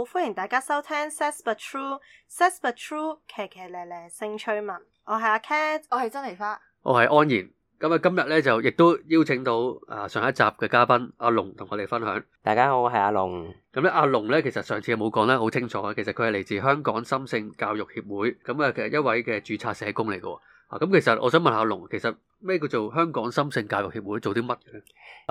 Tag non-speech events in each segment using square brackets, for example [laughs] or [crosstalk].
好，歡迎大家收聽 s a s p u t t r u e s a s p u t true，騎騎咧咧性趣聞。我係阿 Ken，我係珍妮花，我係安然。咁啊今日咧就亦都邀請到啊上一集嘅嘉賓阿龍同我哋分享。大家好，我係阿龍。咁咧阿龍咧其實上次冇講得好清楚。其實佢係嚟自香港心性教育協會，咁啊其實一位嘅註冊社工嚟嘅。啊，咁其實我想問下龍，其實咩叫做香港心性教育協會做啲乜嘅？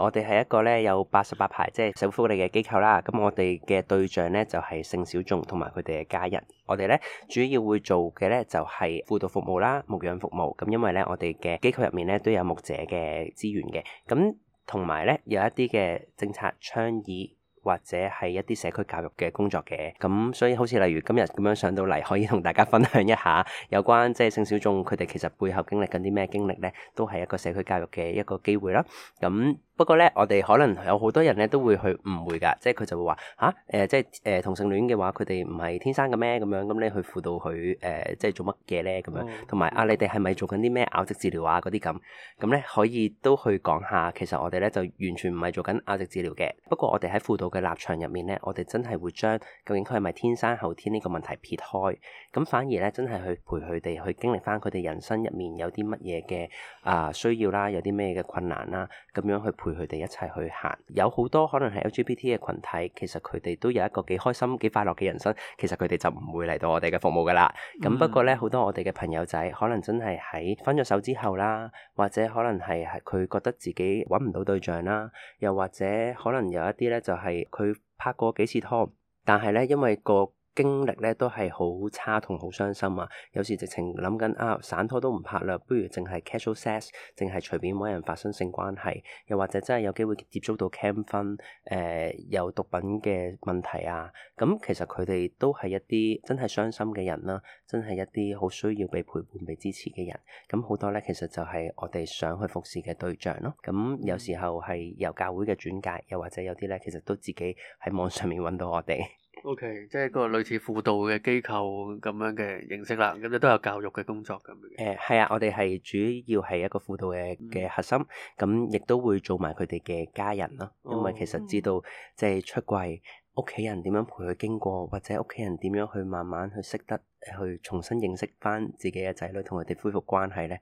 我哋係一個咧有八十八牌，即係社會福利嘅機構啦。咁我哋嘅對象咧就係性小眾同埋佢哋嘅家人。我哋咧主要會做嘅咧就係輔導服務啦、牧養服務。咁因為咧我哋嘅機構入面咧都有牧者嘅資源嘅。咁同埋咧有一啲嘅政策倡議。或者係一啲社區教育嘅工作嘅，咁所以好似例如今日咁樣上到嚟，可以同大家分享一下有關即係性小眾佢哋其實背後經歷緊啲咩經歷呢，都係一個社區教育嘅一個機會啦。咁。不過咧，我哋可能有好多人咧都會去誤會㗎，即係佢就會話吓？誒、啊呃，即係誒、呃、同性戀嘅話，佢哋唔係天生嘅咩咁樣？咁咧去輔導佢誒、呃，即係做乜嘢咧咁樣？同埋啊，啊啊你哋係咪做緊啲咩拗直治療啊嗰啲咁？咁咧可以都去講下，其實我哋咧就完全唔係做緊拗直治療嘅。不過我哋喺輔導嘅立場入面咧，我哋真係會將究竟佢係咪天生後天呢個問題撇開，咁反而咧真係去陪佢哋去經歷翻佢哋人生入面有啲乜嘢嘅啊需要啦，有啲咩嘅困難啦，咁樣去陪陪佢哋一齊去行，有好多可能係 LGBT 嘅群體，其實佢哋都有一個幾開心、幾快樂嘅人生。其實佢哋就唔會嚟到我哋嘅服務噶啦。咁、嗯、不過咧，好多我哋嘅朋友仔可能真係喺分咗手之後啦，或者可能係佢覺得自己揾唔到對象啦，又或者可能有一啲咧就係、是、佢拍過幾次拖，但係咧因為個經歷咧都係好差同好傷心啊！有時直情諗緊啊，散拖都唔拍啦，不如淨係 casual sex，淨係隨便揾人發生性關係，又或者真係有機會接觸到 camphun、呃、有毒品嘅問題啊！咁、嗯、其實佢哋都係一啲真係傷心嘅人啦，真係一啲好需要被陪伴、被支持嘅人。咁好多咧，其實就係我哋想去服侍嘅對象咯。咁、嗯、有時候係由教會嘅轉介，又或者有啲咧，其實都自己喺網上面揾到我哋。 [laughs] O.K. 即係一個類似輔導嘅機構咁樣嘅形式啦，咁即係都有教育嘅工作咁樣嘅。誒、嗯，係啊，我哋係主要係一個輔導嘅嘅核心，咁亦都會做埋佢哋嘅家人啦。因為其實知道即係出櫃，屋企人點樣陪佢經過，或者屋企人點樣去慢慢去識得去重新認識翻自己嘅仔女，同佢哋恢復關係咧，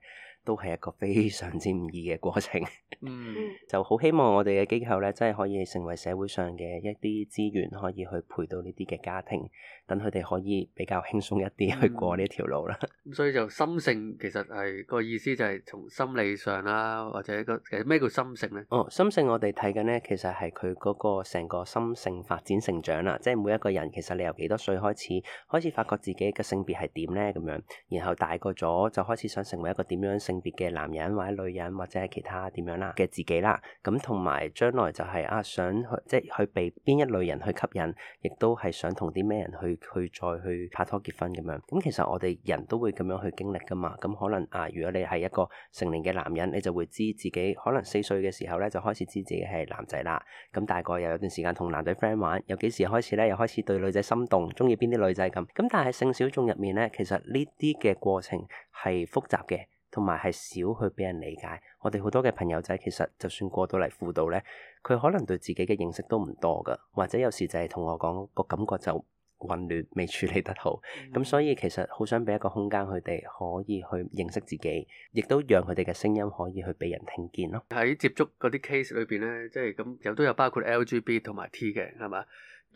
都係一個非常之唔易嘅過程，嗯、 [laughs] 就好希望我哋嘅機構咧，真係可以成為社會上嘅一啲資源，可以去陪到呢啲嘅家庭，等佢哋可以比較輕鬆一啲去過呢條路啦。咁、嗯、所以就心性其實係個意思就係從心理上啦、啊，或者一個其實咩叫心性呢？哦，心性我哋睇緊呢，其實係佢嗰個成個心性發展成長啦，即係每一個人其實你由幾多歲開始開始發覺自己嘅性別係點呢？咁樣，然後大個咗就開始想成為一個點樣性別嘅男人或者女人，或者係其他點樣啦嘅自己啦，咁同埋將來就係啊，想去即係去被邊一類人去吸引，亦都係想同啲咩人去去再去拍拖結婚咁樣。咁、嗯、其實我哋人都會咁樣去經歷噶嘛。咁、嗯、可能啊，如果你係一個成年嘅男人，你就會知自己可能四歲嘅時候咧就開始知自己係男仔啦。咁、嗯、大個又有段時間同男仔 friend 玩，有幾時開始咧又開始對女仔心動，中意邊啲女仔咁。咁、嗯、但係性小眾入面咧，其實呢啲嘅過程係複雜嘅。同埋係少去俾人理解，我哋好多嘅朋友仔其實就算過到嚟輔導咧，佢可能對自己嘅認識都唔多噶，或者有時就係同我講個感覺就混亂，未處理得好。咁、嗯、所以其實好想俾一個空間佢哋可以去認識自己，亦都讓佢哋嘅聲音可以去俾人聽見咯。喺接觸嗰啲 case 裏邊咧，即係咁有都有包括 LGB 同埋 T 嘅，係嘛？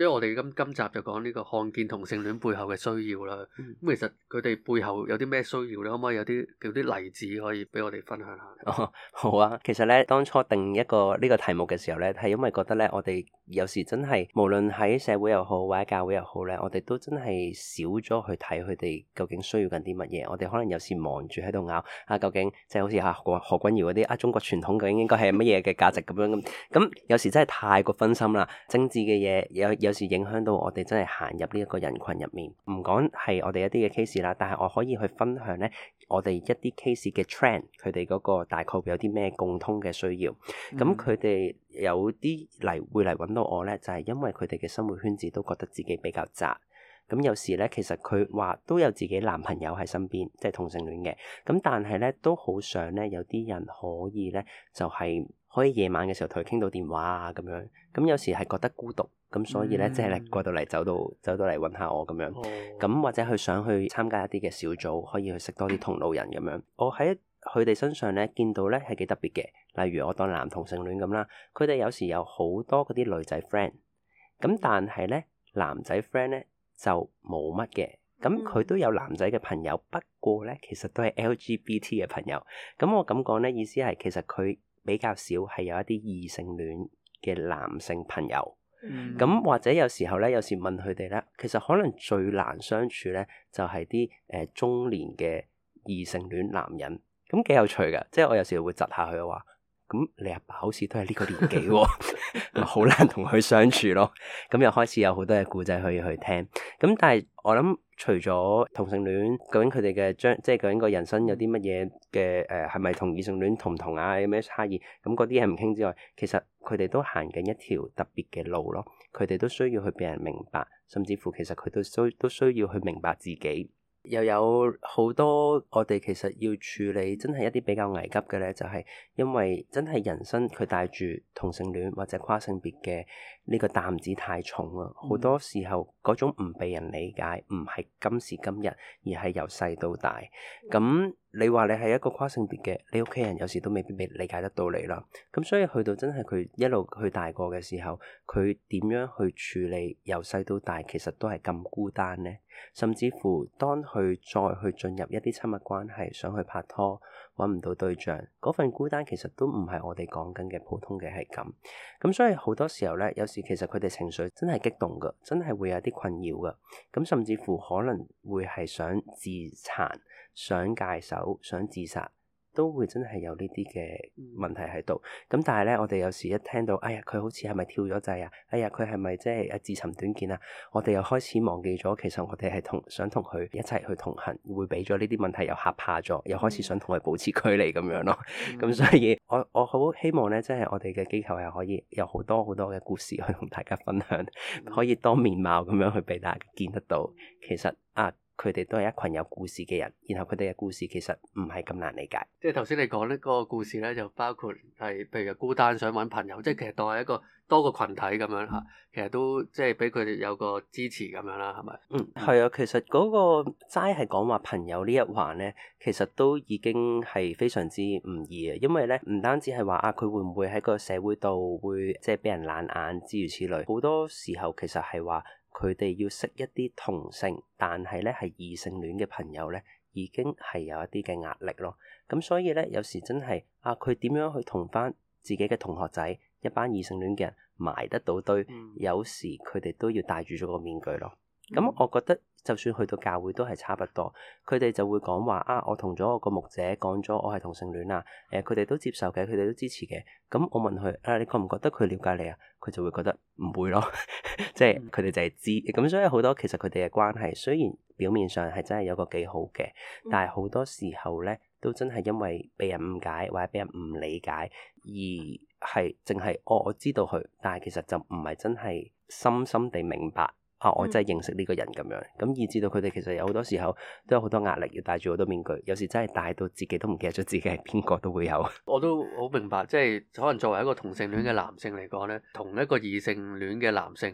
因為我哋今今集就講呢個看見同性戀背後嘅需要啦。咁、嗯、其實佢哋背後有啲咩需要咧？可唔可以有啲叫啲例子可以俾我哋分享下？哦，好啊。其實咧當初定一個呢、這個題目嘅時候咧，係因為覺得咧，我哋有時真係無論喺社會又好，或者教會又好咧，我哋都真係少咗去睇佢哋究竟需要緊啲乜嘢。我哋可能有時忙住喺度拗，啊，究竟即係好似吓何，何君堯嗰啲啊，中國傳統究竟應該係乜嘢嘅價值咁樣咁？咁有時真係太過分心啦，政治嘅嘢有。有時影響到我哋真係行入呢一個人群入面，唔講係我哋一啲嘅 case 啦，但係我可以去分享咧，我哋一啲 case 嘅 trend，佢哋嗰個大概有啲咩共通嘅需要。咁佢哋有啲嚟會嚟揾到我咧，就係因為佢哋嘅生活圈子都覺得自己比較窄。咁有時咧，其實佢話都有自己男朋友喺身邊，即係同性戀嘅。咁但係咧，都好想咧，有啲人可以咧，就係。可以夜晚嘅時候同佢傾到電話啊，咁樣。咁有時係覺得孤獨，咁所以咧，即係嚟過到嚟走到走到嚟揾下我咁樣。咁或者佢想去參加一啲嘅小組，可以去識多啲同路人咁樣。我喺佢哋身上咧，見到咧，係幾特別嘅，例如我當男同性戀咁啦，佢哋有時有好多嗰啲女仔 friend，咁但係咧男仔 friend 咧就冇乜嘅，咁佢都有男仔嘅朋友，不過咧，其實都係 LGBT 嘅朋友。咁我咁講咧，意思係其實佢。比較少係有一啲異性戀嘅男性朋友，咁、嗯、或者有時候咧，有時問佢哋咧，其實可能最難相處咧，就係啲誒中年嘅異性戀男人，咁幾有趣㗎，即係我有時會窒下佢話。咁你阿爸，爸好似都係呢個年紀，哦，咪好難同佢相處咯。咁又開始有好多嘅故仔可以去聽。咁但係我諗，除咗同性戀，究竟佢哋嘅將，即係究竟個人生有啲乜嘢嘅誒，係咪同異性戀同唔同啊？有咩差異？咁嗰啲係唔傾之外，其實佢哋都行緊一條特別嘅路咯。佢哋都需要去俾人明白，甚至乎其實佢都需都需要去明白自己。又有好多我哋其實要處理真係一啲比較危急嘅咧，就係因為真係人生佢帶住同性戀或者跨性別嘅呢個擔子太重啦，好多時候嗰種唔被人理解，唔係今時今日，而係由細到大咁。你話你係一個跨性別嘅，你屋企人有時都未必理解得到你啦。咁所以去到真係佢一路去大個嘅時候，佢點樣去處理？由細到大，其實都係咁孤單呢？甚至乎當佢再去進入一啲親密關係，想去拍拖，搵唔到對象，嗰份孤單其實都唔係我哋講緊嘅普通嘅係咁。咁所以好多時候咧，有時其實佢哋情緒真係激動噶，真係會有啲困擾噶。咁甚至乎可能會係想自殘。想戒手、想自殺，都會真係有呢啲嘅問題喺度。咁但係咧，我哋有時一聽到，哎呀，佢好似係咪跳咗掣啊？哎呀，佢係咪即係自尋短見啊？我哋又開始忘記咗，其實我哋係同想同佢一齊去同行，會俾咗呢啲問題又嚇怕咗，又開始想同佢保持距離咁樣咯。咁、mm hmm. [laughs] 所以我，我我好希望咧，即係我哋嘅機構又可以有好多好多嘅故事去同大家分享，mm hmm. 可以多面貌咁樣去俾大家見得到。Mm hmm. 其實啊～佢哋都係一群有故事嘅人，然後佢哋嘅故事其實唔係咁難理解。即係頭先你講呢嗰個故事咧就包括係，譬如孤單想揾朋友，即係其實當係一個多個群體咁樣吓，嗯、其實都即係俾佢哋有個支持咁樣啦，係咪？嗯，係啊，其實嗰、嗰個齋係講話朋友呢一環咧，其實都已經係非常之唔易啊，因為咧唔單止係話啊，佢會唔會喺個社會度會即係俾人冷眼，諸如此類，好多時候其實係話。佢哋要識一啲同性，但係咧係異性戀嘅朋友咧，已經係有一啲嘅壓力咯。咁所以咧，有時真係啊，佢點樣去同返自己嘅同學仔一班異性戀嘅人埋得到堆？嗯、有時佢哋都要戴住咗個面具咯。咁、嗯嗯、我覺得。就算去到教會都係差不多，佢哋就會講話啊，我同咗我個牧者講咗我係同性戀啦，誒、呃，佢哋都接受嘅，佢哋都支持嘅。咁我問佢啊，你覺唔覺得佢了解你啊？佢就會覺得唔會咯，即係佢哋就係、是、知。咁所以好多其實佢哋嘅關係，雖然表面上係真係有個幾好嘅，但係好多時候咧，都真係因為俾人誤解或者俾人唔理解，而係淨係哦我知道佢，但係其實就唔係真係深深地明白。啊！我真係認識呢個人咁樣，咁以至到佢哋其實有好多時候都有好多壓力，要戴住好多面具，有時真係戴到自己都唔記得咗自己係邊個都會有。我都好明白，即係可能作為一個同性戀嘅男性嚟講咧，同一個異性戀嘅男性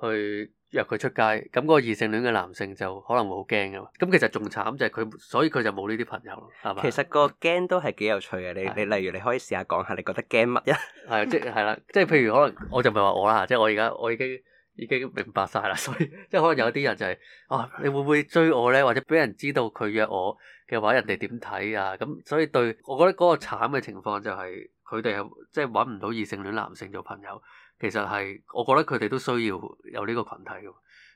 去約佢出街，咁嗰個異性戀嘅男性就可能會好驚㗎嘛。咁其實仲慘就係佢，所以佢就冇呢啲朋友咯，係嘛？其實個驚都係幾有趣嘅，你的你例如你可以試下講下，你覺得驚乜呀？係即係係啦，即係譬如可能我就咪話我啦，即係我而家我已經。已經明白晒啦，所以即係可能有啲人就係、是，啊，你會唔會追我咧？或者俾人知道佢約我嘅話，人哋點睇啊？咁所以對，我覺得嗰個慘嘅情況就係佢哋係即係搵唔到異性戀男性做朋友，其實係我覺得佢哋都需要有呢個群體嘅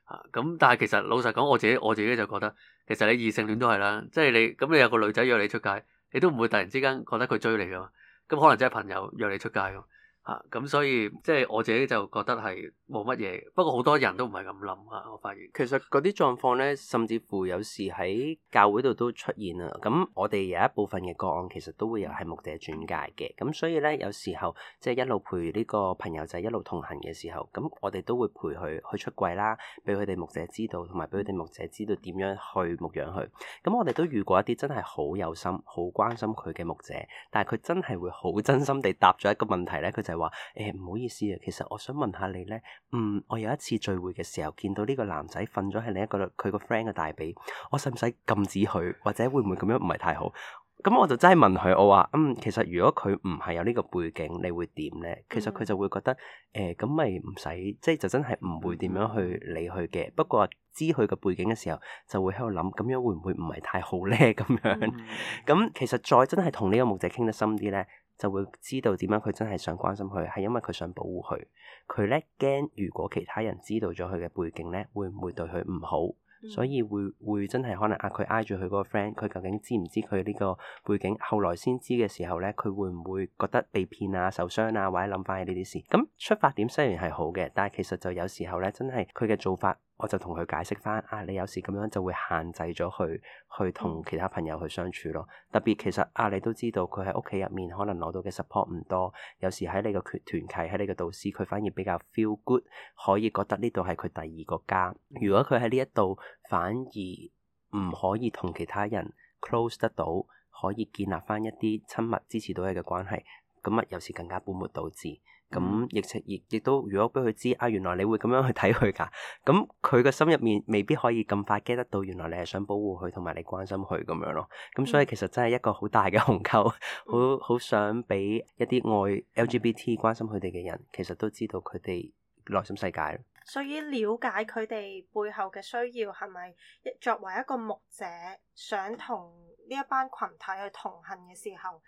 吓。咁、啊、但係其實老實講，我自己我自己就覺得，其實你異性戀都係啦，即、就、係、是、你咁你有個女仔約你出街，你都唔會突然之間覺得佢追你噶嘛？咁可能真係朋友約你出街咁。啊，咁所以即係我自己就覺得係冇乜嘢，不過好多人都唔係咁諗啊！我發現其實嗰啲狀況咧，甚至乎有時喺教會度都出現啊。咁我哋有一部分嘅個案其實都會有係牧者轉介嘅，咁所以咧有時候即係、就是、一路陪呢個朋友仔一路同行嘅時候，咁我哋都會陪佢去出櫃啦，俾佢哋牧者知道，同埋俾佢哋牧者知道點樣去牧養佢。咁我哋都遇過一啲真係好有心、好關心佢嘅牧者，但係佢真係會好真心地答咗一個問題咧，佢就係。話誒，唔、欸、好意思啊，其實我想問下你咧，嗯，我有一次聚會嘅時候見到呢個男仔瞓咗喺另一個佢個 friend 嘅大髀，我使唔使禁止佢，或者會唔會咁樣唔係太好？咁、嗯、我就真係問佢，我話嗯，其實如果佢唔係有呢個背景，你會點咧？其實佢就會覺得誒，咁咪唔使，即係就真係唔會點樣去理佢嘅。不過知佢個背景嘅時候，就會喺度諗，咁樣會唔會唔係太好咧？咁樣咁、嗯嗯嗯嗯、其實再真係同呢個木仔傾得深啲咧。就會知道點樣佢真係想關心佢，係因為佢想保護佢。佢咧驚，如果其他人知道咗佢嘅背景咧，會唔會對佢唔好？所以會會真係可能啊，佢挨住佢嗰個 friend，佢究竟知唔知佢呢個背景？後來先知嘅時候咧，佢會唔會覺得被騙啊、受傷啊，或者諗翻起呢啲事？咁出發點雖然係好嘅，但係其實就有時候咧，真係佢嘅做法。我就同佢解釋翻，啊，你有時咁樣就會限制咗佢去同其他朋友去相處咯。特別其實啊，你都知道佢喺屋企入面可能攞到嘅 support 唔多，有時喺你嘅團契喺你嘅導師，佢反而比較 feel good，可以覺得呢度係佢第二個家。如果佢喺呢一度反而唔可以同其他人 close 得到，可以建立翻一啲親密支持到你嘅關係，咁啊有時更加本末倒置。咁亦亦亦都，嗯、如果俾佢知啊，原來你會咁樣去睇佢噶，咁佢個心入面未必可以咁快 get 得到，原來你係想保護佢同埋你關心佢咁樣咯。咁所以其實真係一個好大嘅鴻溝，好好、嗯、想俾一啲愛 LGBT 關心佢哋嘅人，其實都知道佢哋內心世界咯。所以了解佢哋背後嘅需要，係咪作為一個牧者想同呢一班群體去同行嘅時候，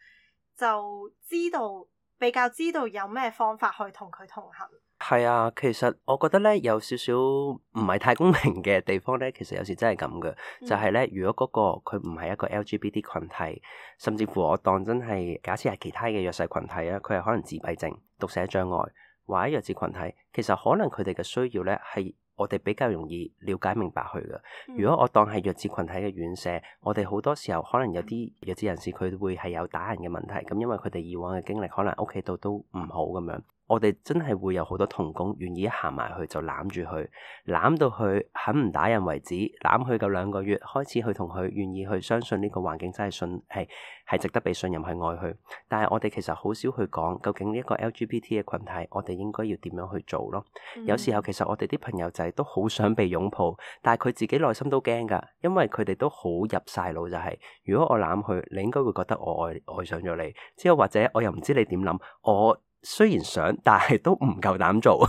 就知道。比較知道有咩方法去同佢同行。係啊，其實我覺得咧有少少唔係太公平嘅地方咧，其實有時真係咁嘅。就係、是、咧，如果嗰、那個佢唔係一個 LGBT 群體，甚至乎我當真係假設係其他嘅弱勢群體啊，佢係可能自閉症、讀寫障礙、或者弱智群體，其實可能佢哋嘅需要咧係。我哋比較容易了解明白佢嘅。如果我當係弱智群體嘅院舍，我哋好多時候可能有啲弱智人士，佢會係有打人嘅問題。咁因為佢哋以往嘅經歷，可能屋企度都唔好咁樣。我哋真係會有好多同工願意行埋去就，就攬住佢，攬到佢肯唔打人為止，攬佢夠兩個月，開始佢同佢願意去相信呢個環境真係信係係值得被信任去愛佢。但係我哋其實好少去講究竟呢一個 LGBT 嘅群體，我哋應該要點樣去做咯？嗯、有時候其實我哋啲朋友仔都好想被擁抱，但係佢自己內心都驚噶，因為佢哋都好入晒腦就係、是，如果我攬佢，你應該會覺得我愛愛上咗你，之後或者我又唔知你點諗我。雖然想，但係都唔夠膽做。 [laughs]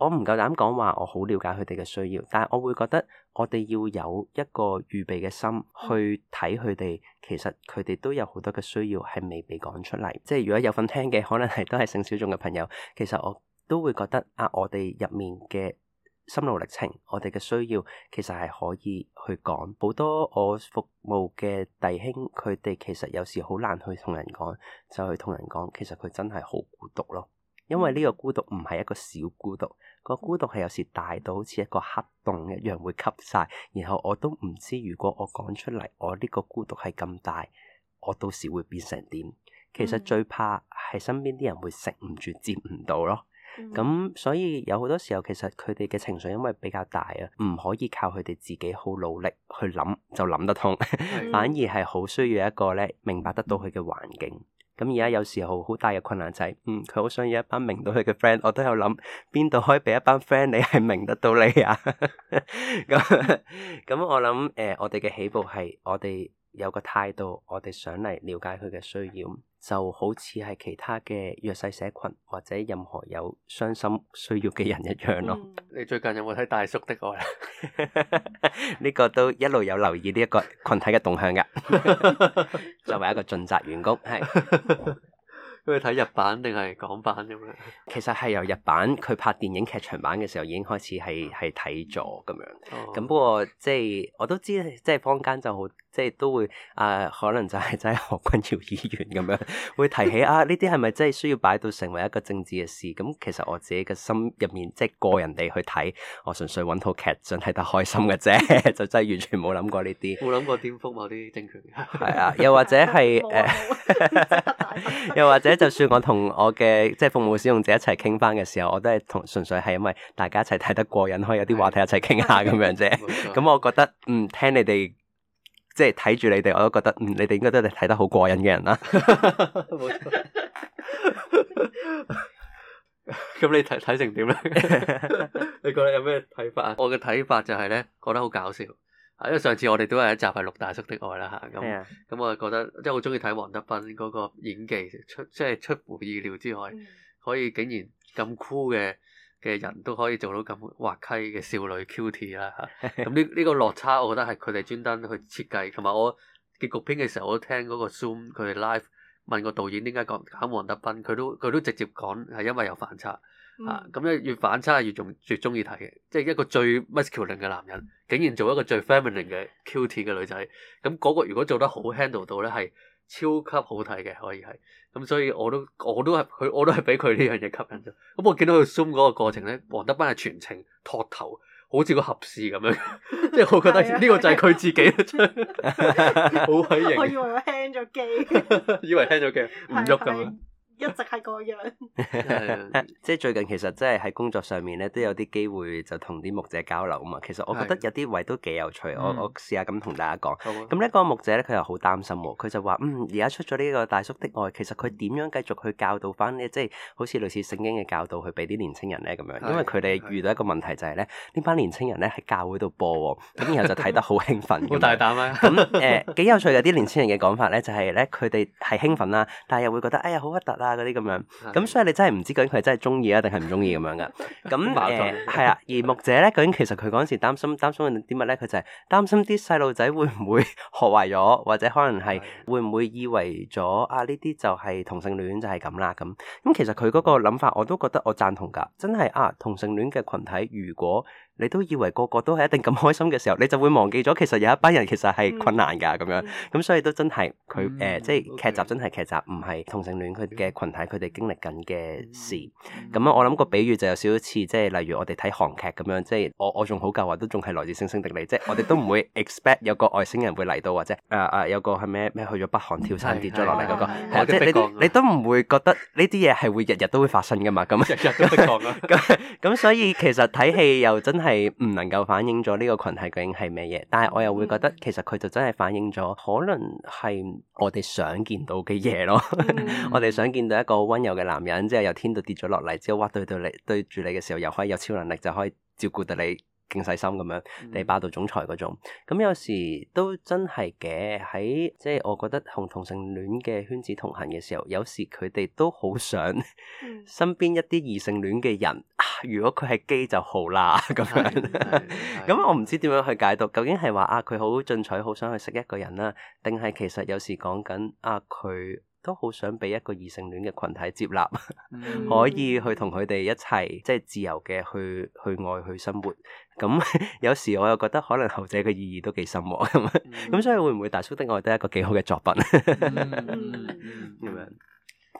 我唔夠膽講話，我好了解佢哋嘅需要，但係我會覺得我哋要有一個預備嘅心去睇佢哋。其實佢哋都有好多嘅需要係未被講出嚟。即係如果有份聽嘅，可能係都係性小眾嘅朋友。其實我都會覺得啊，我哋入面嘅。心路歷程，我哋嘅需要其實係可以去講。好多我服務嘅弟兄佢哋其實有時好難去同人講，就去同人講，其實佢真係好孤獨咯。因為呢個孤獨唔係一個小孤獨，個孤獨係有時大到好似一個黑洞一樣會吸晒，然後我都唔知如果我講出嚟，我呢個孤獨係咁大，我到時會變成點？其實最怕係身邊啲人會食唔住，接唔到咯。咁所以有好多時候，其實佢哋嘅情緒因為比較大啊，唔可以靠佢哋自己好努力去諗就諗得通， [laughs] 反而係好需要一個呢，明白得到佢嘅環境。咁而家有時候好大嘅困難就係、是，嗯，佢好想要一班明到佢嘅 friend。我都有諗邊度可以俾一班 friend 你係明得到你啊？咁 [laughs] 咁我諗誒、呃，我哋嘅起步係我哋有個態度，我哋想嚟了解佢嘅需要。就好似係其他嘅弱勢社群或者任何有傷心需要嘅人一樣咯、嗯。 [laughs] 你最近有冇睇大叔的愛呢？ [laughs] 呢個都一路有留意呢一個群體嘅動向噶。 [laughs] 作為一個盡責員工，係。 [laughs] [laughs] 去睇日版定係港版咁樣？其實係由日版佢拍電影劇場版嘅時候已經開始係係睇咗咁樣。咁不過即係我都知，即係坊間就好，即係都會啊，可能就係真係何君堯議員咁樣會提起啊？呢啲係咪真係需要擺到成為一個政治嘅事？咁其實我自己嘅心入面即係個人哋去睇，我純粹揾套劇真睇得開心嘅啫，就真係完全冇諗過呢啲。冇諗過顛覆某啲政權。係 [laughs] 啊，又或者係誒， [laughs] 啊、 [laughs] 又或者。即就算我同我嘅即係服務使用者一齊傾翻嘅時候，我都係同純粹係因為大家一齊睇得過癮，可以有啲話題一齊傾下咁樣啫。咁 [laughs] 我覺得嗯，聽你哋即係睇住你哋，我都覺得嗯，你哋應該都係睇得好過癮嘅人啦。冇錯。咁你睇睇成點咧？ [laughs] 你覺得你有咩睇法啊？ [laughs] 我嘅睇法就係咧，覺得好搞笑。因為上次我哋都係一集係陸大叔的愛啦嚇，咁咁 [noise] 我就覺得即係好鍾意睇黃德斌嗰個演技出即係出乎意料之外， [noise] 可以竟然咁 cool 嘅嘅人都可以做到咁滑稽嘅少女 cutie 啦嚇，咁呢呢個落差我覺得係佢哋專登去設計，同埋我結局片嘅時候我都聽嗰個 zoom 佢哋 live 問個導演點解講揀黃德斌，佢都佢都直接講係因為有反差。嗯、啊，咁咧越反差越中，越中意睇嘅，即係一個最 masculine 嘅男人，竟然做一個最 feminine 嘅 cute 嘅女仔，咁、嗯、嗰、那個如果做得好 handle 到咧，係超級好睇嘅，可以係。咁所以我都我都係佢，我都係俾佢呢樣嘢吸引咗。咁我見到佢 zoom 嗰個過程咧，黃德斌係全程托頭，好似個合事咁樣， [laughs] 即係我覺得呢個就係佢自己， [laughs] [laughs] 好鬼型。我以為聽咗機，以為聽咗機唔喐咁。 [laughs] [laughs] [laughs] 一直係個樣，即係 [laughs] 最近其實真係喺工作上面咧，都有啲機會就同啲牧者交流啊嘛。其實我覺得有啲位都幾有趣，嗯、我我試下咁同大家講。咁呢的個牧者咧，佢又好擔心喎。佢就話：嗯，而家出咗呢個大叔的愛，其實佢點樣繼續去教導翻咧？即係好似類似聖經嘅教導去俾啲年青人咧咁樣。因為佢哋遇到一個問題就係、是、咧，呢班年青人咧喺教會度播，咁然後就睇得好興奮。好 [laughs] 大膽啊！咁誒那 [laughs] 幾有趣嘅啲年青人嘅講法咧，就係咧佢哋係興奮啦，但係又會覺得哎呀好核突。啦啲咁樣，咁所以你真係唔知究竟佢係真係中意啊，定係唔中意咁樣㗎。咁誒係啊，而牧者咧，究竟其實佢嗰陣時擔心擔心啲乜咧？佢就係擔心啲細路仔會唔會學壞咗，或者可能係會唔會以為咗啊？呢啲就係同性戀就係咁啦。咁咁其實佢嗰個諗法我都覺得我贊同㗎。真係啊，同性戀嘅群體如果。你都以為個個都係一定咁開心嘅時候，你就會忘記咗其實有一班人其實係困難噶咁樣，咁、嗯嗯、所以都真係佢誒，即係劇集真係劇集，唔係同性戀佢嘅群體佢哋經歷緊嘅事。咁啊，我諗個比喻就有少少似，即係例如我哋睇韓劇咁樣，即係我我仲好舊話、啊、都仲係來自星星的你，即係我哋都唔會 expect 有個外星人會嚟到，或者誒誒、呃、有個係咩咩去咗北韓跳傘跌咗落嚟嗰個，即係你都唔會覺得呢啲嘢係會日日都會發生噶嘛？咁日日都會講，咁咁所以其實睇戲又真。係唔能夠反映咗呢個群體究竟係咩嘢，但係我又會覺得其實佢就真係反映咗，可能係我哋想見到嘅嘢咯。 [laughs] 我哋想見到一個溫柔嘅男人，即係由天度跌咗落嚟之後，哇對你對嚟對住你嘅時候，又可以有超能力就可以照顧到你。勁細心咁樣，地霸道總裁嗰種，咁 [noise] 有時都真係嘅。喺即係，我覺得同同性戀嘅圈子同行嘅時候，有時佢哋都好想身邊一啲異性戀嘅人，啊，如果佢係基就好啦咁樣。咁 [noise] [laughs] 我唔知點樣去解讀，究竟係話啊佢好進取，好想去識一個人啦，定係其實有時講緊啊佢。都好想俾一個異性戀嘅群體接納， [laughs] 可以去同佢哋一齊，即、就、係、是、自由嘅去去愛去生活。咁、 [laughs] 嗯、 [laughs] 有時我又覺得可能後者嘅意義都幾深奧咁，所以會唔會大叔的愛都係一個幾好嘅作品咁樣？嗯 [laughs] [laughs]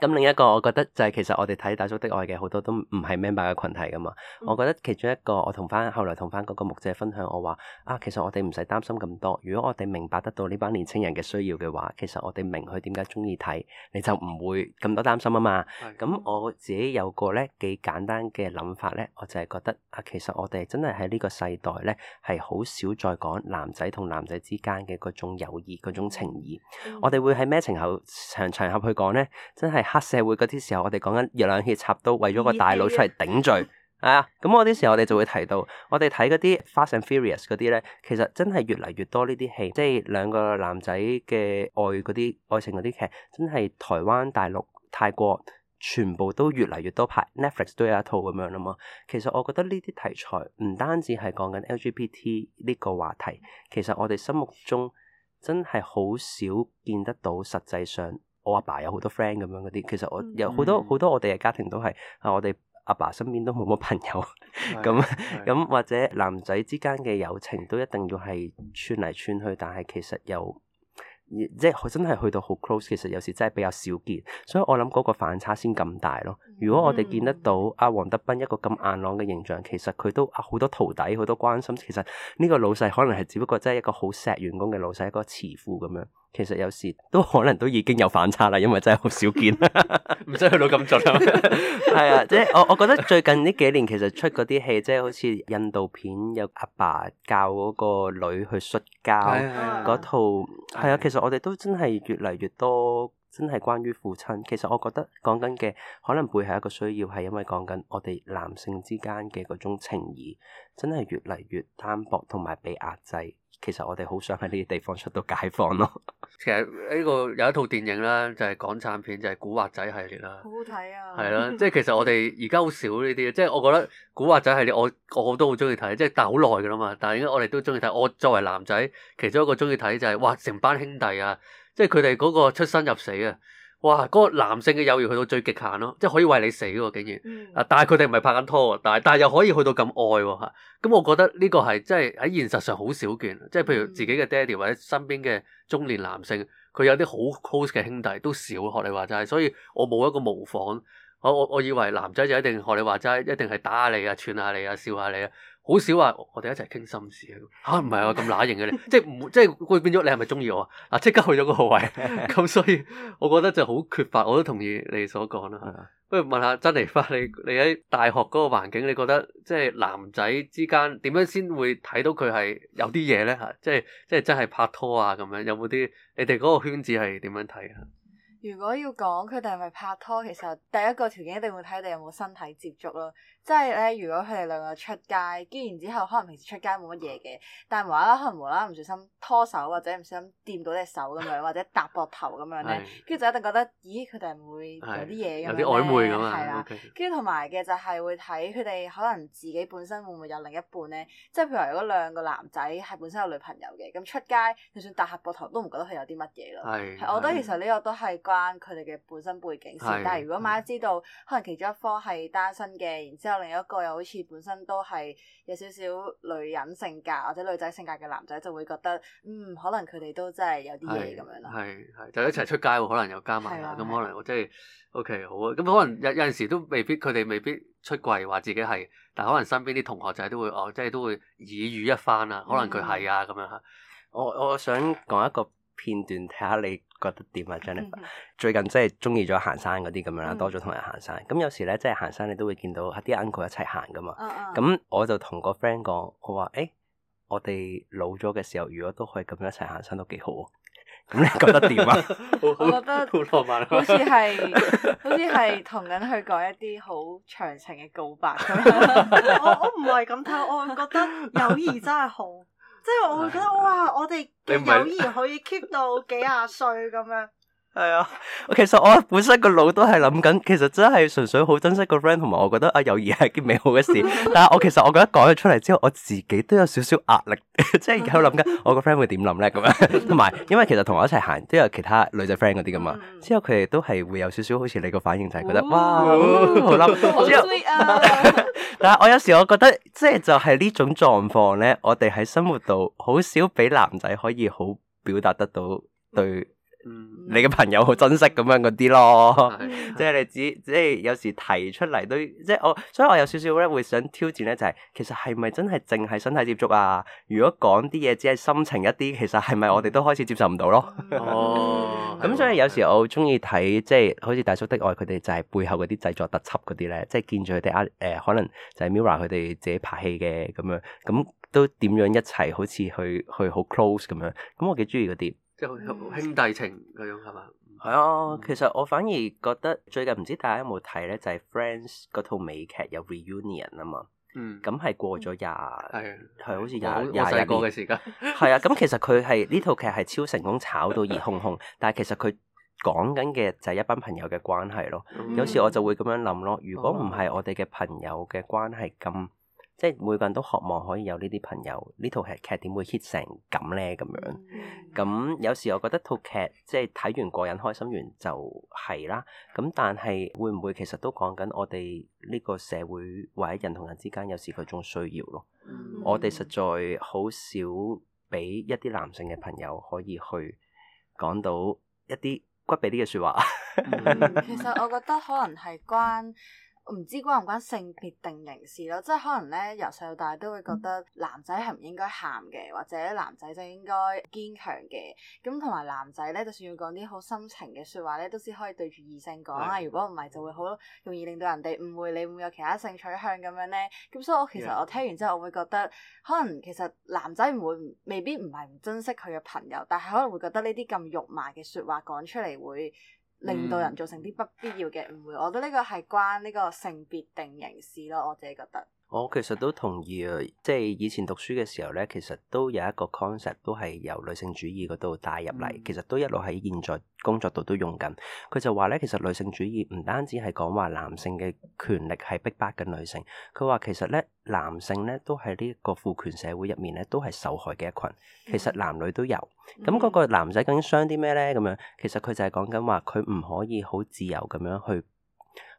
咁另一個我覺得就係其實我哋睇《大叔的愛》嘅好多都唔係 member 嘅群體噶嘛。嗯、我覺得其中一個我同翻後來同翻嗰個木姐分享，我話啊，其實我哋唔使擔心咁多。如果我哋明白得到呢班年青人嘅需要嘅話，其實我哋明佢點解中意睇，你就唔會咁多擔心啊嘛。咁是的 我自己有個咧幾簡單嘅諗法咧，我就係覺得啊，其實我哋真係喺呢個世代咧係好少再講男仔同男仔之間嘅嗰種友誼嗰種情誼，嗯、我哋會喺咩情候場場合去講咧？真係。黑社會嗰啲時候，我哋講緊兩肋插刀，為咗個大佬出嚟頂罪，係啊。 [laughs] 咁我啲時候，我哋就會提到，我哋睇嗰啲《Fast and Furious》嗰啲咧，其實真係越嚟越多呢啲戲，即係兩個男仔嘅愛嗰啲愛情嗰啲劇，真係台灣、大陸、泰國全部都越嚟越多拍 Netflix 都有一套咁樣啦嘛。其實我覺得呢啲題材唔單止係講緊 LGBT 呢個話題，其實我哋心目中真係好少見得到實際上。我阿爸，爸有好多 friend 咁樣嗰啲，其實我有好多好、嗯、多我哋嘅家庭都係啊，我哋阿爸，爸身邊都冇乜朋友咁咁，或者男仔之間嘅友情都一定要係串嚟串去，但係其實又即係真係去到好 close，其實有時真係比較少見，所以我諗嗰個反差先咁大咯。如果我哋見得到阿黃德斌一個咁硬朗嘅形象，其實佢都好多徒弟好多關心，其實呢個老細可能係只不過真係一個好錫員工嘅老細，一個慈父咁樣。其實有時都可能都已經有反差啦，因為真係好少見，唔使去到咁盡。係啊，即係我我覺得最近呢幾年其實出嗰啲戲，即係好似印度片有阿爸教嗰個女去摔跤，嗰套係啊。哎呀，其實我哋都真係越嚟越多，真係關於父親。其實我覺得講緊嘅可能背後一個需要係因為講緊我哋男性之間嘅嗰種情誼，真係越嚟越單薄同埋被壓制。其實我哋好想喺呢啲地方出到解放咯。其實呢個有一套電影啦，就係港產片，就係古惑仔系列啦。好好睇啊！係咯，即係其實我哋而家好少呢啲，即係我覺得古惑仔系列我，我我都好中意睇。即係但好耐噶啦嘛，但係而家我哋都中意睇。我作為男仔，其中一個中意睇就係哇，成班兄弟啊，即係佢哋嗰個出生入死啊。哇！嗰個男性嘅友誼去到最極限咯，即係可以為你死喎，竟然啊！但係佢哋唔係拍緊拖喎，但係但係又可以去到咁愛喎嚇。咁我覺得呢個係即係喺現實上好少見，即係譬如自己嘅爹哋或者身邊嘅中年男性，佢有啲好 close 嘅兄弟都少學你話齋。所以我冇一個模仿，我我我以為男仔就一定學你話齋，一定係打下你啊、串下你啊、笑下你啊。好少話我哋一齊傾心事啊吓，唔係啊咁乸型嘅你， [laughs] 即係唔即係會變咗你係咪中意我啊？嗱，即刻去咗個號位，咁 [laughs] [laughs] 所以我覺得就好缺乏，我都同意你所講啦。不如問下珍妮花，你你喺大學嗰個環境，你覺得即係男仔之間點樣先會睇到佢係有啲嘢咧吓？即係即係真係拍拖啊咁樣，有冇啲？你哋嗰個圈子係點樣睇啊？如果要講佢哋係咪拍拖，其實第一個條件一定會睇你有冇身體接觸咯。即係咧，如果佢哋兩個出街，跟然之後可能平時出街冇乜嘢嘅，但係無啦啦可能無啦啦唔小心拖手或者唔小心掂到隻手咁樣，或者搭膊 [laughs] 頭咁樣咧，跟住 [laughs] 就一定覺得，咦？佢哋係唔會有啲嘢咁樣嘅，有啲曖昧咁啊。係啦、嗯，跟住同埋嘅就係會睇佢哋可能自己本身會唔會有另一半咧。即係譬如話，如果兩個男仔係本身有女朋友嘅，咁出街就算搭下膊頭都唔覺得佢有啲乜嘢咯。係 [laughs] 是，我覺得其實呢個都係關佢哋嘅本身背景先。 [laughs] 但係如果萬一知道可能其中一方係單身嘅，然之後。有另外一個又好似本身都係有少少女人性格或者女仔性格嘅男仔就會覺得，嗯，可能佢哋都真係有啲嘢咁樣啦。係係，就一齊出街，可能又加埋啦。咁可能我真係 OK 好啊。咁可能有有陣時都未必，佢哋未必出櫃話自己係，但可能身邊啲同學仔都會哦，即係都會耳語一番啊。可能佢係啊咁樣嚇。我我想講一個。片段睇下你覺得點啊，Jennifer？嗯、最近真係中意咗行山嗰啲咁樣啦，多咗同人行山。咁有時咧，即係行山你都會見到一啲 uncle 一齊行噶嘛。咁、啊啊、我就同個 friend 講，我話：誒、欸，我哋老咗嘅時候，如果都可以咁樣一齊行山，都幾好啊。咁你覺得點啊？ [laughs] 我覺得好浪漫， [laughs] 好似係好似係同緊去講一啲好長情嘅告白咁。我我唔係咁睇，我覺得友誼真係好。即係我會覺得， [laughs] 哇！我哋嘅友誼可以 keep 到幾廿歲咁樣。係啊、哎，其實我本身個腦都係諗緊，其實真係純粹好珍惜個 friend，同埋我覺得啊，友誼係件美好嘅事。 [laughs] 但係我其實我覺得講咗出嚟之後，我自己都有少少壓力，即 [laughs] 係 [laughs] 有諗緊我個 friend 會點諗咧咁樣。同埋，因為其實同我一齊行都有其他女仔 friend 嗰啲噶嘛，之後佢哋都係會有少少好似你個反應，就係、是、覺得、哦、哇好諗。之後， [laughs] [laughs] 但係我有時我覺得，即係就係、是、呢種狀況咧，我哋喺生活度好少俾男仔可以好表達得到對。 [laughs] 嗯，你嘅朋友好珍惜咁樣嗰啲咯， [laughs] 即係你只即係有時提出嚟都，即係我，所以我有少少咧會想挑戰咧、就是，就係其實係咪真係淨係身體接觸啊？如果講啲嘢只係深情一啲，其實係咪我哋都開始接受唔到咯？ [laughs] 哦，咁 [laughs] 所以有時我好中意睇，即係好似大叔的愛佢哋就係背後嗰啲製作特輯嗰啲咧，即係見住佢哋啊，誒、呃，可能就係 MIRROR 佢哋自己拍戲嘅咁樣，咁都點樣一齊好似去去好 close 咁樣，咁我幾中意嗰啲。兄弟情嗰種係嘛？係啊， [noise] [noise] 其實我反而覺得最近唔知大家有冇睇咧，就係、是、Friends 嗰套美劇有 reunion 啊嘛。嗯，咁係、嗯、過咗廿係，係好似廿廿一年。係啊， [laughs] 咁 [laughs] 其實佢係呢套劇係超成功，炒到熱烘烘。 [laughs] 但係其實佢講緊嘅就係一班朋友嘅關係咯。嗯、有時我就會咁樣諗咯，如果唔係我哋嘅朋友嘅關係咁。即係每個人都渴望可以有呢啲朋友，呢套劇劇點會 hit 成咁咧？咁樣咁、嗯、有時我覺得套劇即係睇完過癮，開心完就係啦。咁但係會唔會其實都講緊我哋呢個社會或者人同人之間有時嗰種需要咯？嗯、我哋實在好少俾一啲男性嘅朋友可以去講到一啲骨痹啲嘅説話、嗯。其實我覺得可能係關。唔知關唔關性別定型事咯，即係可能咧由細到大都會覺得男仔係唔應該喊嘅，或者男仔就應該堅強嘅。咁同埋男仔咧，就算要講啲好深情嘅説話咧，都只可以對住異性講啊。如果唔係，就會好容易令到人哋誤會你會，會有其他性取向咁樣咧。咁所以我其實我聽完之後，我會覺得可能其實男仔唔會未必唔係唔珍惜佢嘅朋友，但係可能會覺得呢啲咁肉麻嘅説話講出嚟會。令到人造成啲不必要嘅誤會，我覺得呢個係關呢個性別定型事咯，我自己覺得。我其實都同意啊，即係以前讀書嘅時候咧，其實都有一個 concept 都係由女性主義嗰度帶入嚟，嗯、其實都一路喺現在工作度都用緊。佢就話咧，其實女性主義唔單止係講話男性嘅權力係逼迫緊女性，佢話其實咧男性咧都喺呢個父權社會入面咧都係受害嘅一群。其實男女都有。咁嗰、嗯、個男仔究竟傷啲咩咧？咁樣其實佢就係講緊話佢唔可以好自由咁樣去。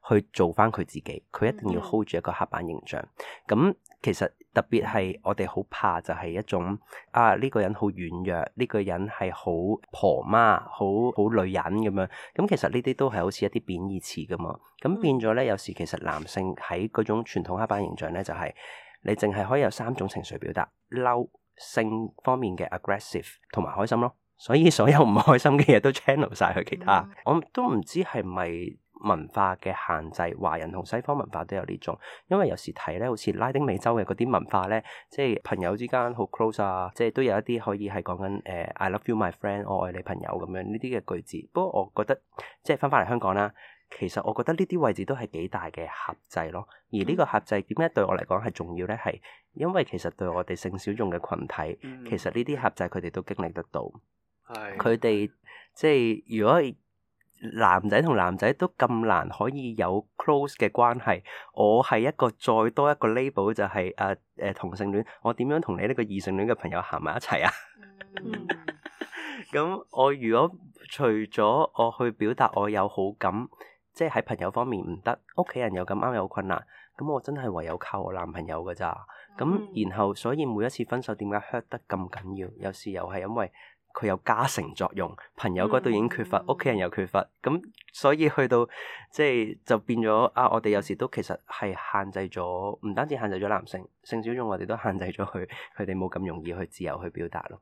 去做翻佢自己，佢一定要 hold 住一個刻板形象。咁、嗯、其實特別係我哋好怕就係一種、嗯、啊，呢、這個人好軟弱，呢、這個人係好婆媽、好好女人咁樣。咁其實呢啲都係好似一啲貶義詞噶嘛。咁、嗯、變咗咧，有時其實男性喺嗰種傳統刻板形象咧，就係、是、你淨係可以有三種情緒表達：嬲、性方面嘅 aggressive 同埋開心咯。所以所有唔開心嘅嘢都 channel 晒去其他。嗯、我都唔知係咪。文化嘅限制，華人同西方文化都有呢種。因為有時睇咧，好似拉丁美洲嘅嗰啲文化咧，即係朋友之間好 close 啊，即係都有一啲可以係講緊誒，I love you, my friend，我愛你朋友咁樣呢啲嘅句子。不過我覺得即係翻返嚟香港啦，其實我覺得呢啲位置都係幾大嘅限制咯。而呢個限制點解對我嚟講係重要咧？係因為其實對我哋性小眾嘅群體，其實呢啲限制佢哋都經歷得到。係佢哋即係如果。男仔同男仔都咁難可以有 close 嘅關係，我係一個再多一個 label 就係誒誒同性戀，我點樣同你呢個異性戀嘅朋友行埋一齊啊？咁 [laughs] 我如果除咗我去表達我有好感，即係喺朋友方面唔得，屋企人又咁啱有困難，咁我真係唯有靠我男朋友㗎咋。咁然後所以每一次分手點解 hurt 得咁緊要？有時又係因為。佢有加成作用，朋友嗰度已經缺乏，屋企人又缺乏，咁所以去到即係、就是、就變咗啊！我哋有時都其實係限制咗，唔單止限制咗男性。性小眾，我哋都限制咗佢，佢哋冇咁容易去自由去表達咯。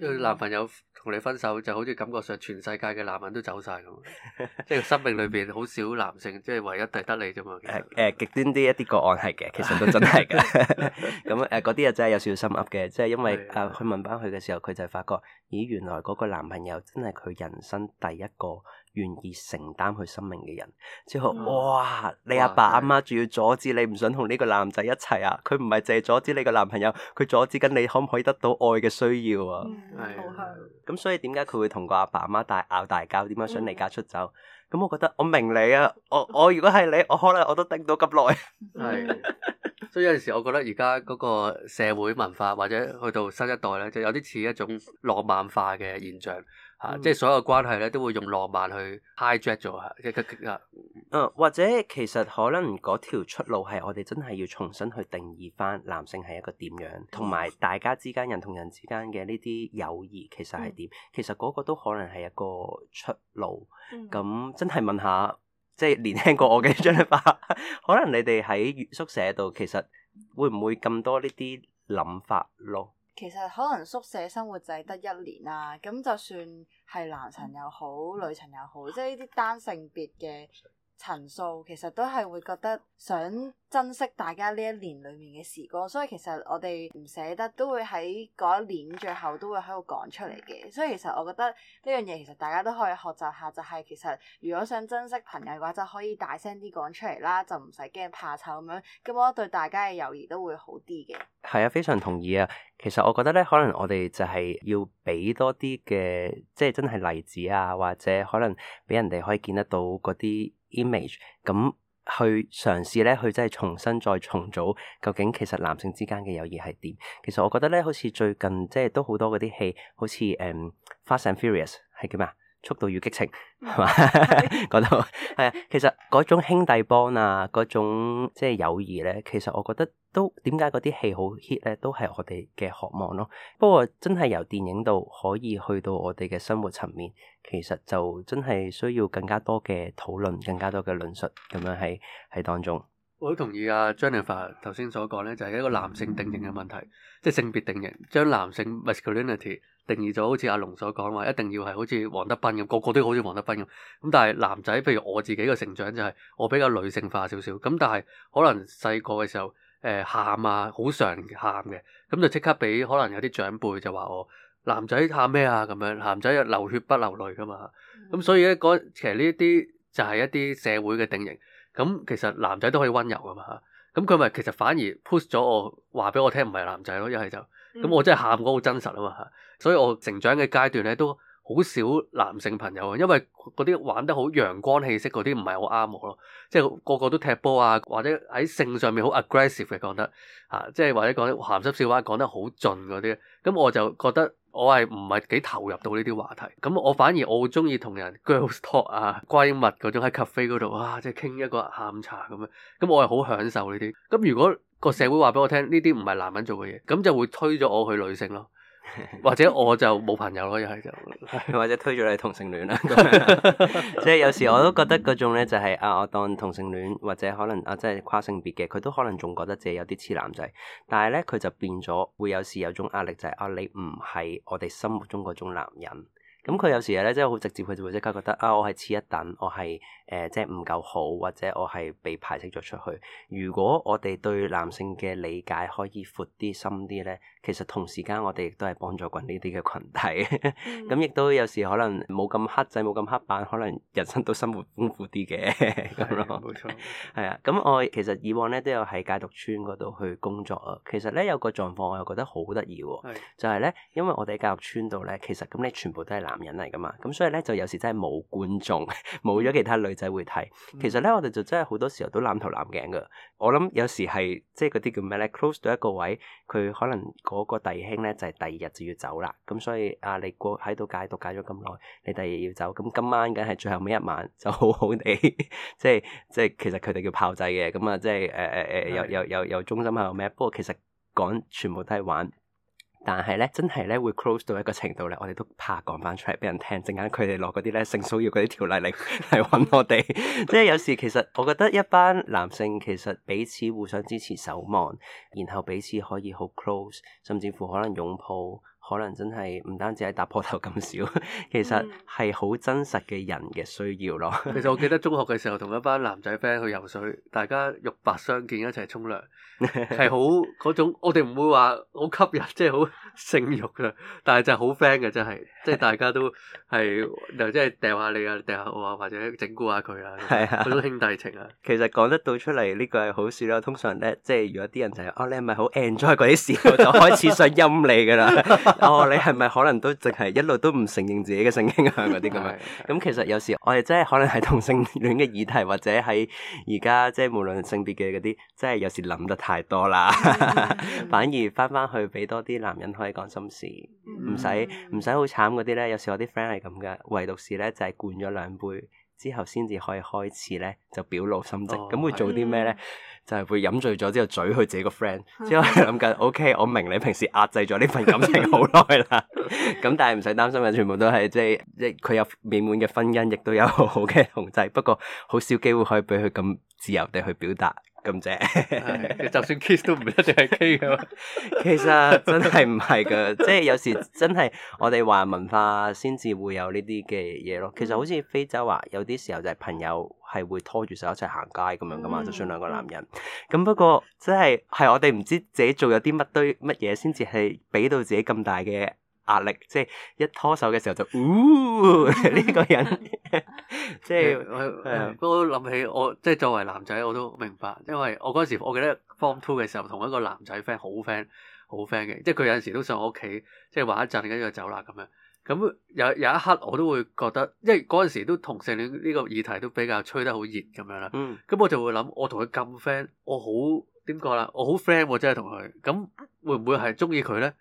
因為男朋友同你分手，就好似感覺上全世界嘅男人都走晒咁， [laughs] 即係生命裏邊好少男性，即係唯一係得你啫嘛。係誒 [laughs] 極端啲一啲個案係嘅，其實都真係嘅。咁誒嗰啲又真係有少少心噏嘅，即係因為誒、 [laughs] 啊、去問翻佢嘅時候，佢就係發覺，咦原來嗰個男朋友真係佢人生第一個。願意承擔佢生命嘅人之後，嗯、哇！你阿爸阿媽仲要阻止你，唔想同呢個男仔一齊啊！佢唔係淨係阻止你個男朋友，佢阻止緊你可唔可以得到愛嘅需要啊！係、嗯，咁所以點解佢會同個阿爸阿媽大拗大交？點解想離家出走？咁、嗯、我覺得我明你啊！我我如果係你，我可能我都頂到咁耐。係，所以有陣時我覺得而家嗰個社會文化或者去到新一代咧，就有啲似一種浪漫化嘅現象。啊！即係所有關係咧，都會用浪漫去 hijack 咗嚇，一啊！嗯、啊，或者其實可能嗰條出路係我哋真係要重新去定義翻男性係一個點樣，同埋大家之間人同人之間嘅呢啲友誼其實係點？嗯、其實嗰個都可能係一個出路。咁、嗯嗯、真係問下，即係年輕過我嘅張力發，可能你哋喺宿舍度其實會唔會咁多呢啲諗法咯？其實可能宿舍生活就係得一年啦，咁就算係男神又好，女神又好，即係呢啲單性別嘅層數，其實都係會覺得想珍惜大家呢一年裡面嘅時光，所以其實我哋唔捨得，都會喺嗰一年最後都會喺度講出嚟嘅。所以其實我覺得呢樣嘢其實大家都可以學習下，就係其實如果想珍惜朋友嘅話，就可以大聲啲講出嚟啦，就唔使驚怕醜咁樣，咁我對大家嘅友誼都會好啲嘅。係啊，非常同意啊！其實我覺得咧，可能我哋就係要俾多啲嘅，即係真係例子啊，或者可能俾人哋可以見得到嗰啲 image，咁去嘗試咧，去即係重新再重組，究竟其實男性之間嘅友誼係點？其實我覺得咧，好似最近即係都好多嗰啲戲，好似誒《um, Fast and Furious》係叫咩啊？《速度與激情》係嘛？嗰度係啊，其實嗰種兄弟幫啊，嗰種即係友誼咧，其實我覺得。都點解嗰啲戲好 hit 咧？都係我哋嘅渴望咯。不過真係由電影度可以去到我哋嘅生活層面，其實就真係需要更加多嘅討論，更加多嘅論述咁樣喺喺當中。我都同意阿 Jennifer 頭先所講咧，就係、是、一個男性定型嘅問題，即係性別定型，將男性 masculinity 定義咗好似阿龍所講話，一定要係好似黃德斌咁，個個都好似黃德斌咁。咁但係男仔，譬如我自己嘅成長就係、是、我比較女性化少少。咁但係可能細個嘅時候。誒喊、呃、啊，好常喊嘅，咁就即刻俾可能有啲長輩就話我男仔喊咩啊，咁樣，男仔流血不流淚噶嘛，咁所以咧，其實呢啲就係一啲社會嘅定型，咁其實男仔都可以溫柔噶嘛，咁佢咪其實反而 push 咗我話俾我聽唔係男仔咯，一係就咁、是、我真係喊，我好真實啊嘛，所以我成長嘅階段咧都。好少男性朋友，因為嗰啲玩得好陽光氣息，嗰啲唔係好啱我咯，即係個個都踢波啊，或者喺性上面好 aggressive 嘅講得，嚇、啊，即係或者講啲鹹濕笑話講得好盡嗰啲，咁我就覺得我係唔係幾投入到呢啲話題？咁我反而我好中意同人 girls talk 啊，閨蜜嗰種喺 cafe 嗰度，哇，即係傾一個下午茶咁樣，咁我係好享受呢啲，咁如果個社會話俾我聽呢啲唔係男人做嘅嘢，咁就會推咗我去女性咯。或者我就冇朋友咯，又係就，或者推咗你同性戀啦。咁即係 [laughs] [laughs] 有時我都覺得嗰種咧，就係啊，我當同性戀或者可能啊，即係跨性別嘅，佢都可能仲覺得自己有啲似男仔，但係咧佢就變咗，會有時有種壓力就係啊，你唔係我哋心目中嗰種男人。咁佢有時咧，真係好直接，佢就會即刻覺得啊，我係次一等，我係誒、呃、即係唔夠好，或者我係被排斥咗出去。如果我哋對男性嘅理解可以闊啲、深啲咧，其實同時間我哋亦都係幫助過呢啲嘅群體。咁亦、嗯、 [laughs] 都有時可能冇咁黑仔、冇咁黑板，可能人生都生活豐富啲嘅咁咯。冇 [laughs] 錯， [laughs] [laughs] [laughs] [laughs] [laughs] 係啊。咁我其實以往咧都有喺戒毒村嗰度去工作啊。其實咧有個狀況我又覺得好得意喎，就係、是、咧，因為我哋喺戒毒村度咧，其實咁你全部都係男，都男。 [laughs] 男人嚟噶嘛？咁所以咧，就有時真係冇觀眾，冇 [laughs] 咗其他女仔會睇。嗯、其實咧，我哋就真係好多時候都攬頭攬頸噶。我諗有時係即係嗰啲叫咩咧？close 到一個位，佢可能嗰個弟兄咧就係、是、第二日就要走啦。咁所以啊，你過喺度解讀解咗咁耐，你第二日要走。咁今晚梗係最後尾一晚就好好地， [laughs] 即係即係其實佢哋叫炮製嘅。咁啊、就是，即係誒誒誒，又又又又忠心下咩？不過其實講全部都係玩。但係咧，真係咧會 close 到一個程度咧，我哋都怕講翻出嚟俾人聽，陣間佢哋攞嗰啲咧性騷擾嗰啲條例嚟嚟揾我哋，即係有時其實我覺得一班男性其實彼此互相支持守望，然後彼此可以好 close，甚至乎可能擁抱。可能真係唔單止係搭破頭咁少，其實係好真實嘅人嘅需要咯。其實我記得中學嘅時候，同一班男仔 friend 去游水，大家肉帛相見一齊沖涼，係好嗰種。我哋唔會話好吸引，即係好性欲噶，但係就係好 friend 嘅，真係，即係大家都係又即係掟下你啊，掟下我啊，或者整蠱下佢啊，好種、啊、兄弟情啊。其實講得到出嚟呢、呢個係好事啦。通常咧，即係如果啲人就係、是、哦、啊，你係咪好 enjoy 嗰啲事，我 [laughs] 就開始想陰你噶啦。 [laughs] 哦，你係咪可能都淨係一路都唔承認自己嘅性傾向嗰啲咁啊？咁 [laughs] [laughs] 其實有時我哋真係可能係同性戀嘅議題，或者喺而家即係無論性別嘅嗰啲，真係有時諗得太多啦， [laughs] [laughs] [laughs] 反而返返去俾多啲男人可以講心事，唔使唔使好慘嗰啲咧。有時我啲 friend 係咁㗎，唯獨是咧就係、是、灌咗兩杯。之後先至可以開始咧，就表露心跡。咁、哦、會做啲咩咧？ [laughs] 就係會飲醉咗之後，嘴去自己個 friend。之後我諗緊，OK，我明你平時壓制咗呢份感情好耐啦。咁 [laughs] [laughs] 但係唔使擔心嘅，全部都係即係即係佢有美滿嘅婚姻，亦都有好嘅控制。不過好少機會可以俾佢咁自由地去表達。咁正，就算 kiss 都唔一定係 gay 嘅。其實真係唔係噶， [laughs] 即係有時真係我哋華人文化先至會有呢啲嘅嘢咯。其實好似非洲話，有啲時候就係朋友係會拖住手一齊行街咁樣噶嘛。嗯、就算兩個男人，咁不過真係係我哋唔知自己做咗啲乜堆乜嘢，先至係俾到自己咁大嘅。壓力即係、就是、一拖手嘅時候就，呢、呃這個人即係我，我，我諗起我即係作為男仔，我都明白，因為我嗰陣時我記得 Form Two 嘅時候，同一個男仔 friend 好 friend，好 friend 嘅，即係佢有陣時都上我屋企，即係玩一陣跟住就走啦咁樣。咁有有一刻我都會覺得，因為嗰陣時都同性戀呢個議題都比較吹得好熱咁樣啦。咁、嗯、 [laughs] 我就會諗，我同佢咁 friend，我好，點講啦，我好 friend，我真係同佢，咁會唔會係中意佢咧？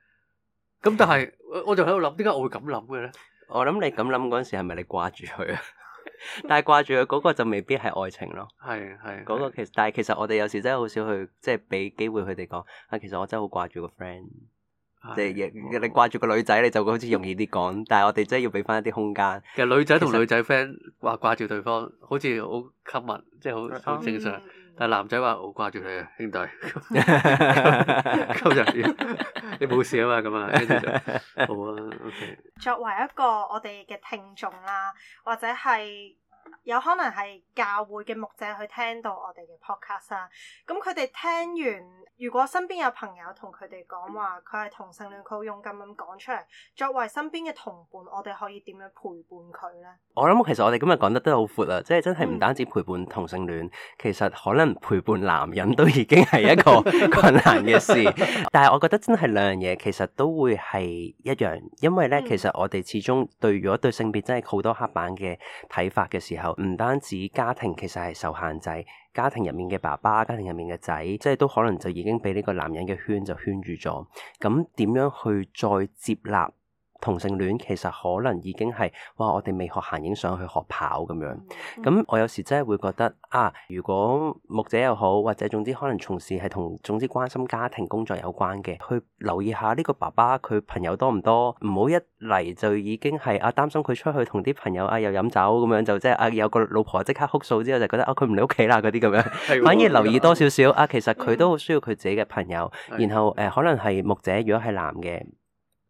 咁但係我就喺度諗，點解我會咁諗嘅咧？我諗你咁諗嗰陣時是是，係咪你掛住佢？但係掛住佢嗰個就未必係愛情咯。係係嗰個其實，但係其實我哋有時真係好少去，即係俾機會佢哋講啊。其實我真係好掛住個 friend，即係是你掛住個女仔，你就會好似容易啲講。但係我哋真係要俾翻一啲空間。其實女仔同女仔 friend 話掛住對方，好似好親密，即係好好正常。嗯啊男仔話我掛住你啊，兄弟， [laughs] 今日你冇事啊嘛？咁啊，好啊，o、okay、k 作為一個我哋嘅聽眾啦，或者係。有可能係教會嘅牧者去聽到我哋嘅 podcast 啊，咁佢哋聽完，如果身邊有朋友同佢哋講話，佢係同性戀，佢好勇敢咁樣講出嚟，作為身邊嘅同伴，我哋可以點樣陪伴佢呢？我諗其實我哋今日講得都好闊啊，即係真係唔單止陪伴同性戀，嗯、其實可能陪伴男人都已經係一個困難嘅事。 [laughs] 但係我覺得真係兩樣嘢，其實都會係一樣，因為呢，嗯、其實我哋始終對如果對性別真係好多刻板嘅睇法嘅時候。時候唔單止家庭其實係受限制，家庭入面嘅爸爸、家庭入面嘅仔，即係都可能就已經俾呢個男人嘅圈就圈住咗。咁點樣去再接納？同性戀其實可能已經係哇，我哋未學行影上去學跑咁樣。咁我有時真係會覺得啊，如果牧者又好，或者總之可能從事係同總之關心家庭工作有關嘅，去留意下呢個爸爸佢朋友多唔多，唔好一嚟就已經係啊擔心佢出去同啲朋友啊又飲酒咁樣，就即係啊有個老婆即刻哭訴之後就覺得啊佢唔嚟屋企啦嗰啲咁樣。反而留意多少少啊，其實佢都需要佢自己嘅朋友。然後誒，可能係牧者，如果係男嘅。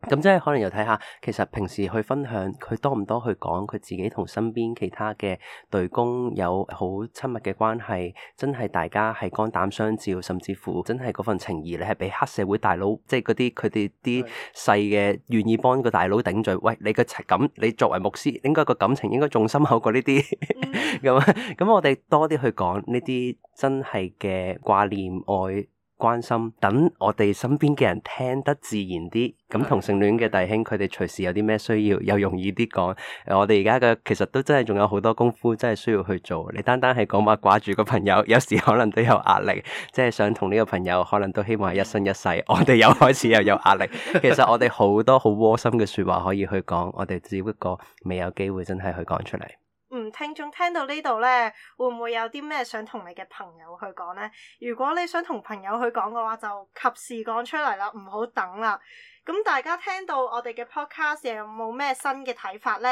咁即係可能又睇下，其實平時去分享佢多唔多去講佢自己同身邊其他嘅隊工有好親密嘅關係，真係大家係肝膽相照，甚至乎真係嗰份情義你係畀黑社會大佬即係嗰啲佢哋啲細嘅願意幫個大佬頂罪。喂，你個情感，你作為牧師，應該個感情應該仲深厚過呢啲咁。咁、 [laughs] 嗯、 [laughs] 我哋多啲去講呢啲真係嘅掛念愛。關心，等我哋身邊嘅人聽得自然啲。咁同性戀嘅弟兄，佢哋隨時有啲咩需要，又容易啲講。我哋而家嘅其實都真係仲有好多功夫，真係需要去做。你單單係講話掛住個朋友，有時可能都有壓力。即係想同呢個朋友，可能都希望係一生一世。我哋又開始又有壓力。 [laughs] 其實我哋好多好窩心嘅說話可以去講，我哋只不過未有機會真係去講出嚟。唔，聽眾聽到呢度呢，會唔會有啲咩想同你嘅朋友去講呢？如果你想同朋友去講嘅話，就及時講出嚟啦，唔好等啦。咁大家聽到我哋嘅 podcast 又有冇咩新嘅睇法呢？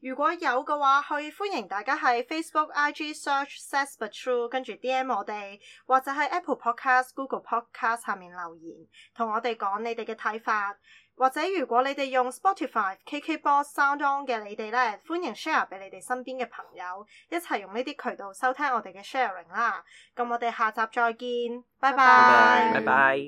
如果有嘅話，可以歡迎大家喺 Facebook、IG search Sesbetru，e 跟住 DM 我哋，或者喺 Apple Podcast、Google Podcast 下面留言，同我哋講你哋嘅睇法。或者如果你哋用 Spotify、KKBox、SoundOn 嘅，你哋呢，歡迎 share 俾你哋身邊嘅朋友，一齊用呢啲渠道收聽我哋嘅 sharing 啦。咁我哋下集再見，拜拜，拜拜。